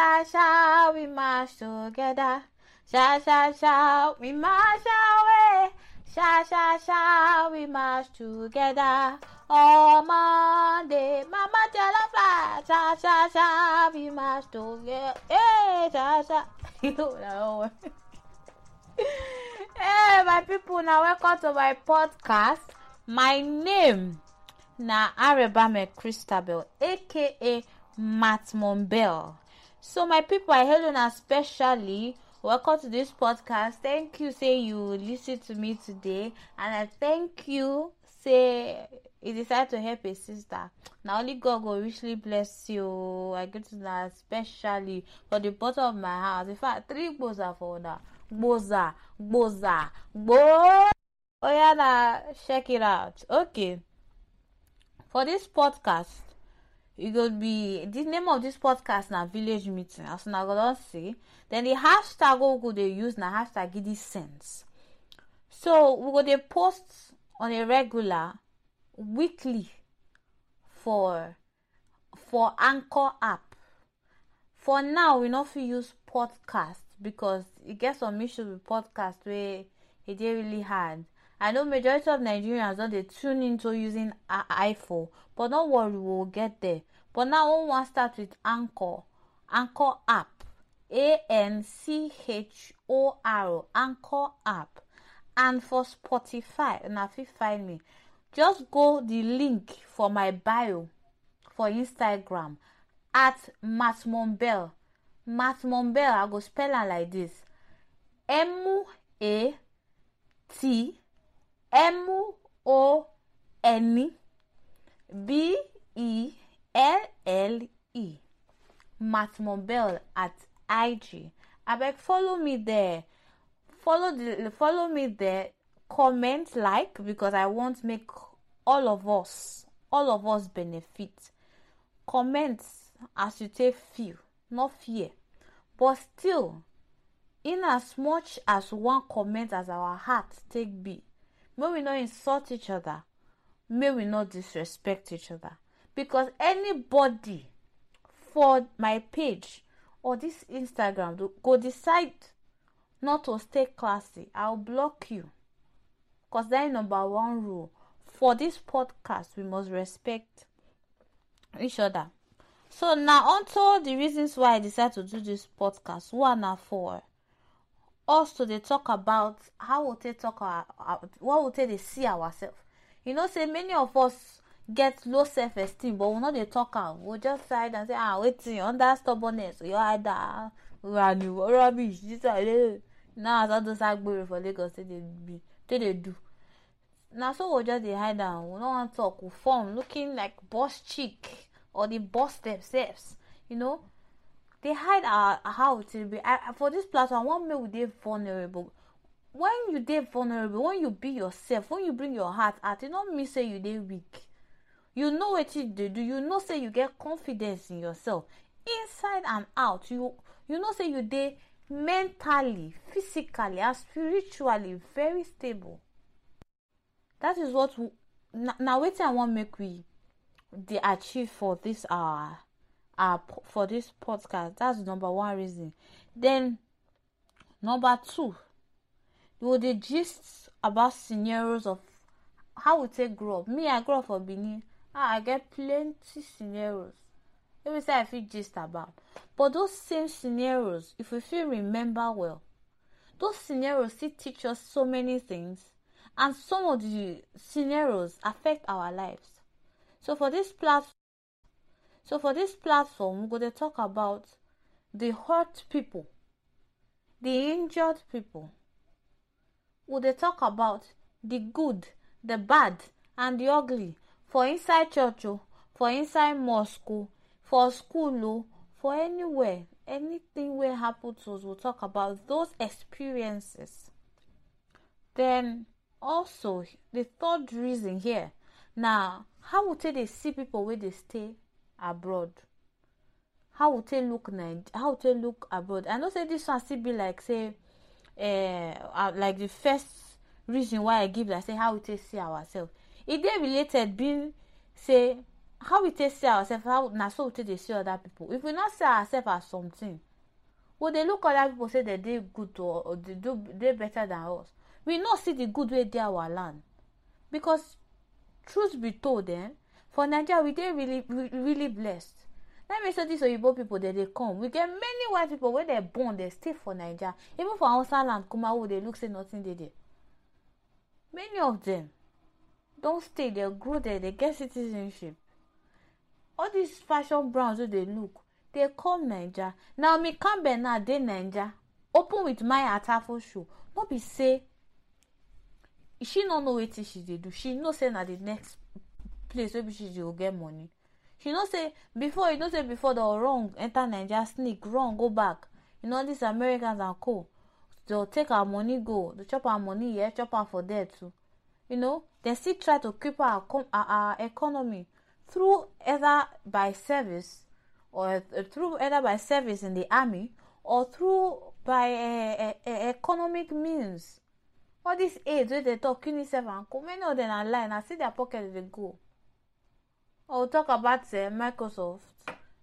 sha sha, we march together. Sha sha sha, we march away. Sha sha sha, we march together. Oh Monday, Mama tell a fly. Sha sha sha, we march together. Hey, sha sha. You Hey, my people, now welcome to my podcast. My name na Arebame Christabel, aka Matt Mombell. So, my people, I held on especially. Welcome to this podcast. Thank you, say you listen to me today, and I thank you, say you decide to help a sister. Now only God will richly bless you. I get to that especially for the bottom of my house. In fact, three boza for that. boza, boza, bo. Oh yeah, now check it out. Okay. For this podcast, It could be the name of this podcast now. village meeting as una go don see then the hashtag wey we go dey use na hashtag gidi sense so we go dey post on a regular weekly for for anchor app for now we no fit use podcast because e get some issues with podcast wey e dey really hard I know majority of Nigerians don't they tune into using iPhone, but don't worry, we will get there. But now we want to start with Anchor, Anchor app, A N C H O R, Anchor app, and for Spotify, and if you find me, just go the link for my bio for Instagram at Matt Mumbell. Matt Mumbell, I go spell it like this: M A T. M O N B E L L E Matmobile at IG. Abeg follow me there. Follow the follow me there. Comment like because I want make all of us all of us benefit. Comment as you take feel, not fear. But still, in as much as one comment as our heart take be, May we not insult each other. May we not disrespect each other. Because anybody for my page or this Instagram go decide not to stay classy, I'll block you. Because that number one rule. For this podcast, we must respect each other. So now, until the reasons why I decided to do this podcast, one and four. us to dey talk about how we take talk our, what we take dey see ourselves you know say many of us get low self esteem but we no dey talk am we just hide am say ah wetin under stubbornness hide oyo ada raniwo rubbish this one dey now as all those agbero for lagos take dey be take dey do na so we just dey hide am we no wan talk we form looking like boss chick or the boss themselves you know They hide our how to be I, uh, for this platform i make we dey vulnerable when you dey vulnerable when you be yourself when you bring your heart out e no mean say you dey weak you know what you dey do you know say you get confidence in yourself inside and out you you know say you dey mentally physically and spiritually very stable that is what now. na, na wetin i want make we they achieve for this our are for this podcast. That's number one reason. Then number two, you will the gist about scenarios of how we take grow up. Me, I grow up for Benin. Ah, I get plenty scenarios. Let me say I feel gist about. But those same scenarios, if we feel remember well, those scenarios still teach us so many things, and some of the scenarios affect our lives. So for this platform. So for this platform, we're going to talk about the hurt people, the injured people. We're going to talk about the good, the bad, and the ugly for inside church, for inside mosque, for school, for anywhere, anything will happen to us. We'll talk about those experiences. Then also the third reason here. Now, how would they see people where they stay abroad how we take look nige how we take look abroad i know say this one still be like say eh, uh, like the first reason why i give like say how we take see ourselves e dey related being say how we take see ourselves how na so we take dey see other people if we no see ourselves as something we dey look other people say they dey good or, or dey do dey better than us we no see the good wey dey our land because truth be told eh for naija we dey really really blessed na me say dis oyibo people, dem dey come we get many white people wey dey born dey stay for naija even for hausa land kumawo dey look say nothing dey there many of them don stay dey grow there dey get citizenship all these fashion brands wey dey look dey come naija naomi campbell now dey naija open with my atafo show no be say she no know wetin she dey do she know say na the next place wey be say she go get money she know say before you know say before they wrong enter naija sneak run go back you know these americans and co they take her money go they chop her money here chop am for there too you know they still try to keep her, her, her economy through either by service or uh, through either by service in the army or through by uh, uh, uh economic means all these aids wey dey talk unicef and co many of them na lie na see their pocket dey go oh talk about um, microsoft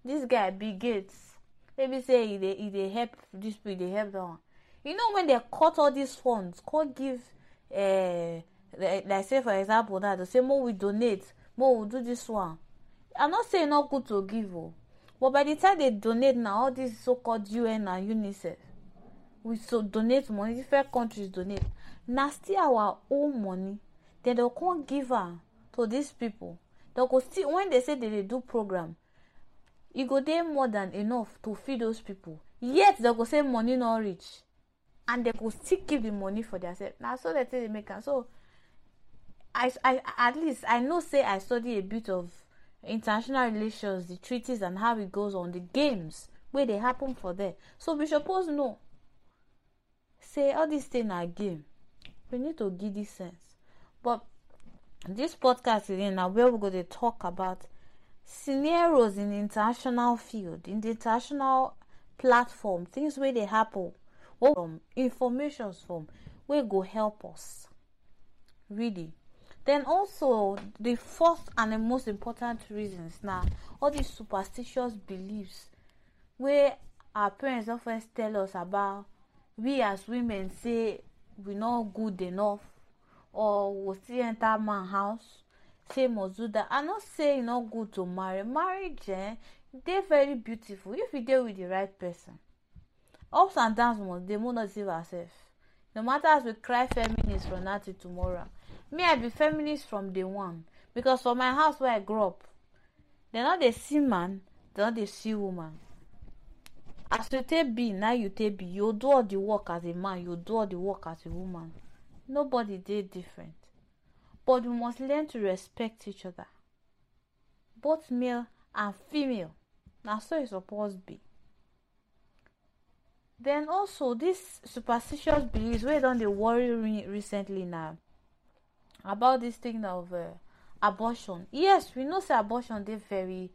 This guy bill gates wey be say he they e dey help this people they help that one you know when they cut all these funds come give uh, like, like say for example now to say more we donate more we do this one I'm not saying not good to give oh. but by the time they donate now all these so called un and unicef we so donate money different countries donate na still our own money dem dey come give am to these people dem go still when they say they dey do program e go dey more than enough to feed those people yet dem go say money no reach and dem go still keep the money for theirself na so dem take dey make am so i i at least i know say i study a bit of international relations the treaties and how e goes on the games wey dey happen for there so we suppose know say all this thing na game we need to give this sense This podcast today now where we're going to talk about scenarios in the international field, in the international platform, things where they happen, what from informations from where go help us. Really. Then also the fourth and the most important reasons now all these superstitious beliefs where our parents often tell us about we as women say we're not good enough or will still enter man house say must do that i no say e good to marry marriage eh dey very beautiful if you deal with the right person ups and downs must dey mo no deceive ourself no matter as we cry feminist from now to tomorrow me i be feminist from day one because for my house where i grew up dem not dey see man dem not dey see woman as you take be now you take be you do all the work as a man you do all the work as a woman Nobody did different. But we must learn to respect each other. Both male and female. Now so it's supposed to be. Then also these superstitious beliefs we don't they worry recently now about this thing of uh, abortion. Yes, we know say abortion they very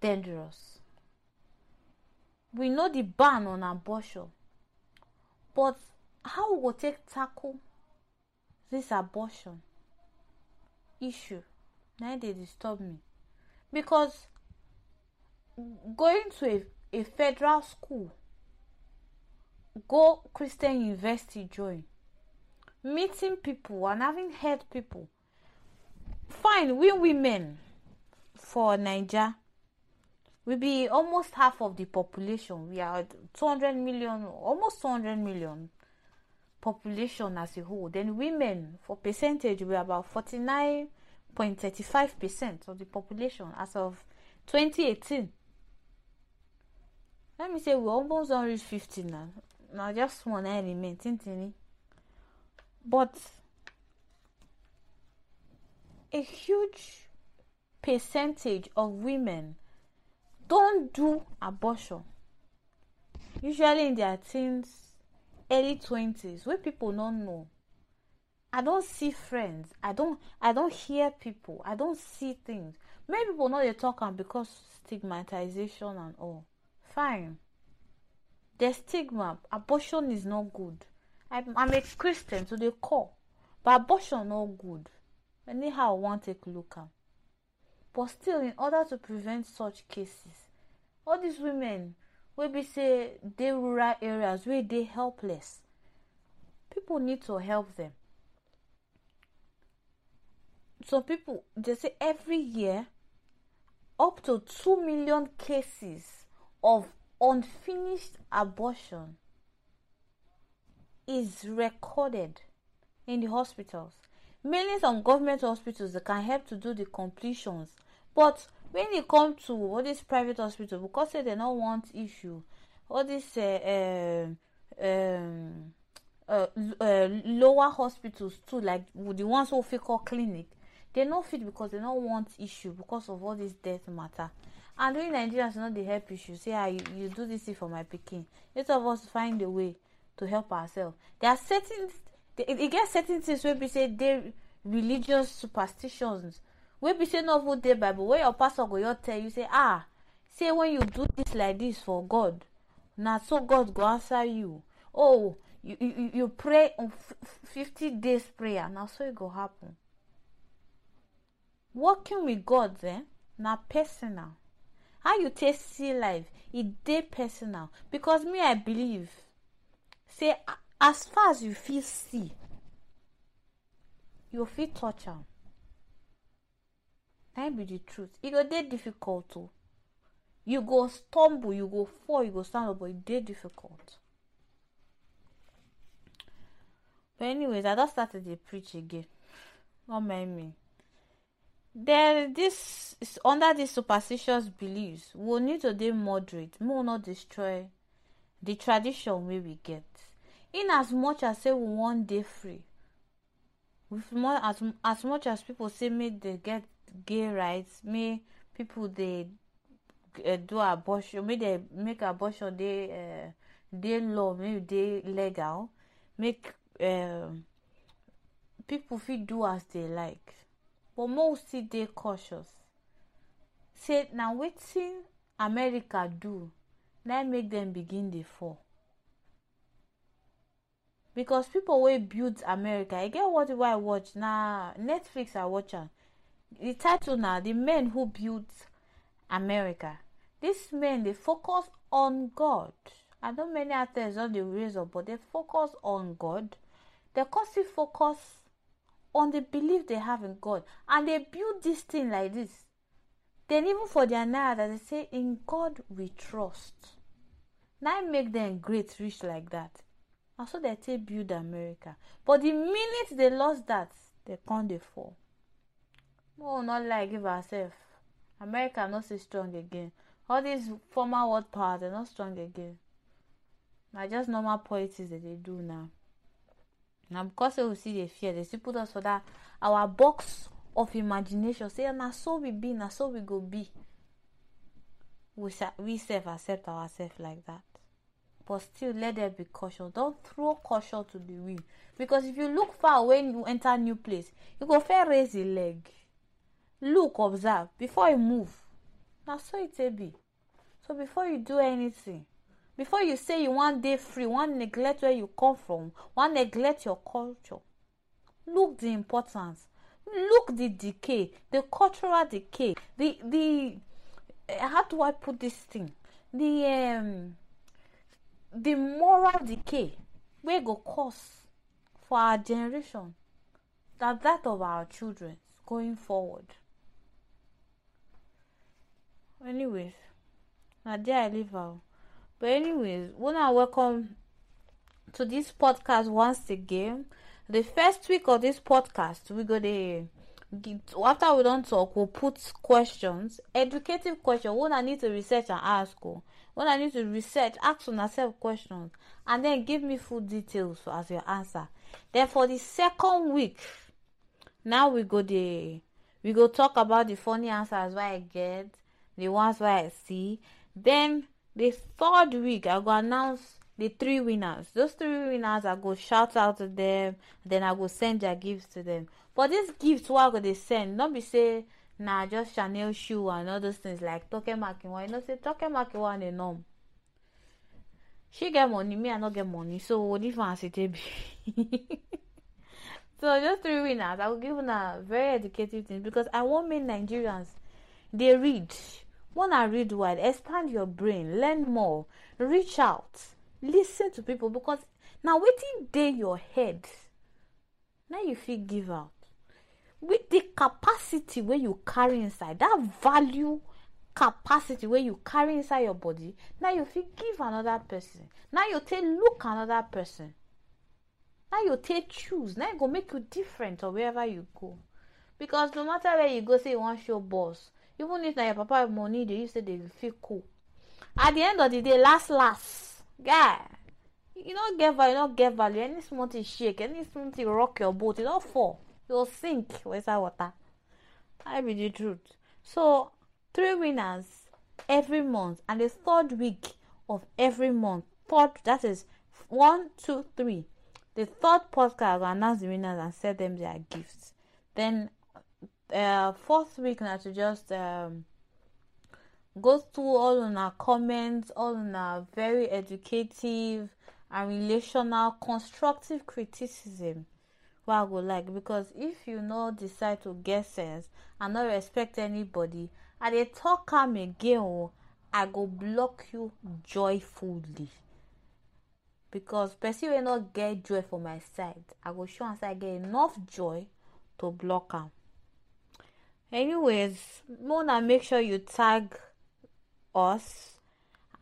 dangerous. We know the ban on abortion. But how we go take tackle this abortion issue now they disturb me because going to a, a federal school go christian university join meeting people and having heard people fine we women for Nigeria, we be almost half of the population we are 200 million almost 200 million population as a whole. Then women, for percentage, were about 49.35% of the population as of 2018. Let me say we almost don't reach 50 now. Now just one element, tintini. But a huge percentage of women don't do abortion. Usually in their teens early twenties where people don't know i don't see friends i don't. i don't hear people i don't see things many people no dey talk am because stigmatization and all fine the stigma abortion is not good i'm i'm a christian to the core, but abortion no good anyhow we wan take look am but still in order to prevent such cases all these women wey be say dey rural areas wey dey helpless people need to help them some people dey say every year up to two million cases of unfinished abortion is recorded in the hospitals mainly some government hospitals dey can help to do the completions but When e come to all dis private hospital because say dem no want issue all dis eh, eh, um, um, uh, uh, lower hospitals too like the ones wey fit call clinic they no fit because they no want issue because of all this death matter and we nigerians no dey help issue say ah you, you do this thing for my pikin each of us find a way to help ourselves there are certain e get certain things wey be say dey religious superstitions wey be say no even dey bible wey your pastor go just tell you say ah say when you do this like this for god na so god go answer you oh you you, you pray on fifty days prayer na so e go happen working with god eh, na personal how you take see life e dey personal because me i believe say as far as you fit see you fit touch am na be the truth It go dey difficult o oh. you go stumble you go fall you go stand up but it dey difficult but anyways i just started to preach again Don't mind me then this is under these superstitious beliefs we need to dey moderate We will not destroy the tradition wey we get in as much as say we want dey free with more as as much as people say me, they get gay rights make people they uh, do abortion make they make abortion They, uh, dey law make they legal make uh, people feel do as they like but make we still dey cautious say na wetin america do na make them begin the fall because people wey build america I get what wey i watch now? netflix i watch am the title now the men who built america these men they focus on god i know many atheists on the reason but they focus on god they constantly focus on the belief they have in god and they build this thing like this then even for their that they say in god we trust now make them great rich like that and so they take build america but the minute they lost that they can't they fall Mo will not lie give ourselves. America not so strong again. All these former world powers they're not strong again. Na just normal politics that they do now. Na because say we see dey fear, they still put us for that our box of imagination. Say na so we be, na so we go be. We we self accept ourselves like that. But still, let there be caution. Don't throw caution to the wind. Because if you look far when you enter new place, you go fair raise the leg. look observe before you move na so it take be so before you do anything before you say you wan dey free wan neglect where you come from wan neglect your culture look the importance look the decay the cultural decay the the eh, how do i put this thing the um, the moral decay wey go cause for our generation na that of our children going forward anyways na there i live out but anyways una welcome to this podcast once again the first week of this podcast we go dey after we don talk we we'll put questions educative question When una need to research and ask o I una need to research ask una sef questions and then give me full details as your answer then for the second week now we go dey we go talk about the funny answers wey i get the ones where I see. Then the third week, I go announce the three winners. Those three winners, I go shout out to them. Then I go send their gifts to them. But this gift, what I go they send? Don't be say nah, just Chanel shoe and all those things like token marking one. You know, say token marking one and norm. She get money, me I not get money. So what if it be? So just three winners, I will give them a very educative thing because I want me Nigerians they read. When I read wide. Expand your brain. Learn more. Reach out. Listen to people because now waiting day your head. Now you feel give out. With the capacity where you carry inside, that value capacity where you carry inside your body, now you feel give another person. Now you take look another person. Now you take choose. Now it go make you different or wherever you go. Because no matter where you go, say you want your boss even if na your papa money dey use take dey feel cool at the end of the day last last guy you no get value you no get value any small thing shake any small thing rock your boat you no fall you go sink for inside water that be the truth so three winners every month and the third week of every month third that is one two three the third podcast will announce the winners and sell them their gifts then uh, fourth week now to just um, go through all on our comments, all on our very educative and relational constructive criticism. What I would like because if you not decide to get sense and not respect anybody, I they talk am again oh, I go block you joyfully. Because person will not get joy for my side, I go show am say I get enough joy to block am. Anyways, Mona, make sure you tag us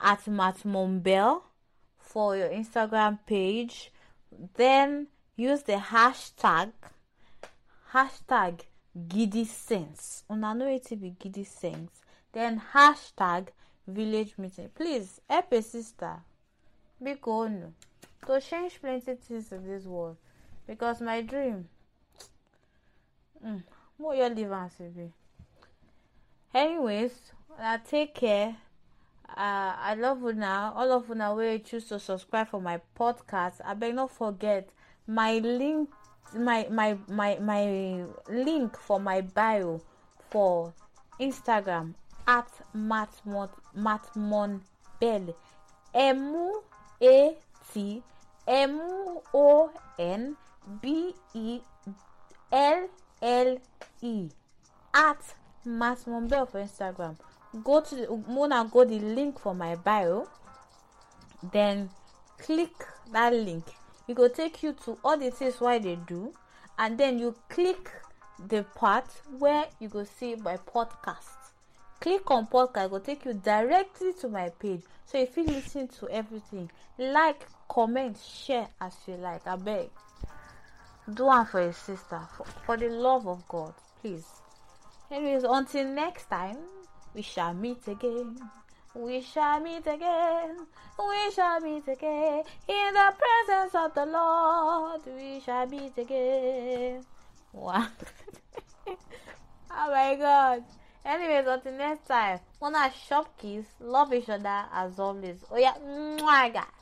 at Matt for your Instagram page. Then use the hashtag hashtag giddy sense. Una it be giddy sense. Then hashtag village meeting. Please help a sister. be gone. To change plenty things in this world. Because my dream. Mm, more your liver and Anyways, I take care. Uh, I love you now. All of you now where you choose to subscribe for my podcast. I beg not forget my link my my my my link for my bio for Instagram at Matt Mon Bell M A T M O N B E L L-E at Matt Mumbel for Instagram. Go to the, Mona, go the link for my bio. Then click that link. It will take you to all the things why they do, and then you click the part where you go see my podcast. Click on podcast, it will take you directly to my page. So if you listen to everything, like, comment, share as you like. I beg. do one for your sister for, for the love of god please anyways until next time we shall meet again we shall meet again we shall meet again in the presence of the lord we shall meet again wow oh my god anyways until next time wanna shop kiss love each other as always oh yeah mwah, guys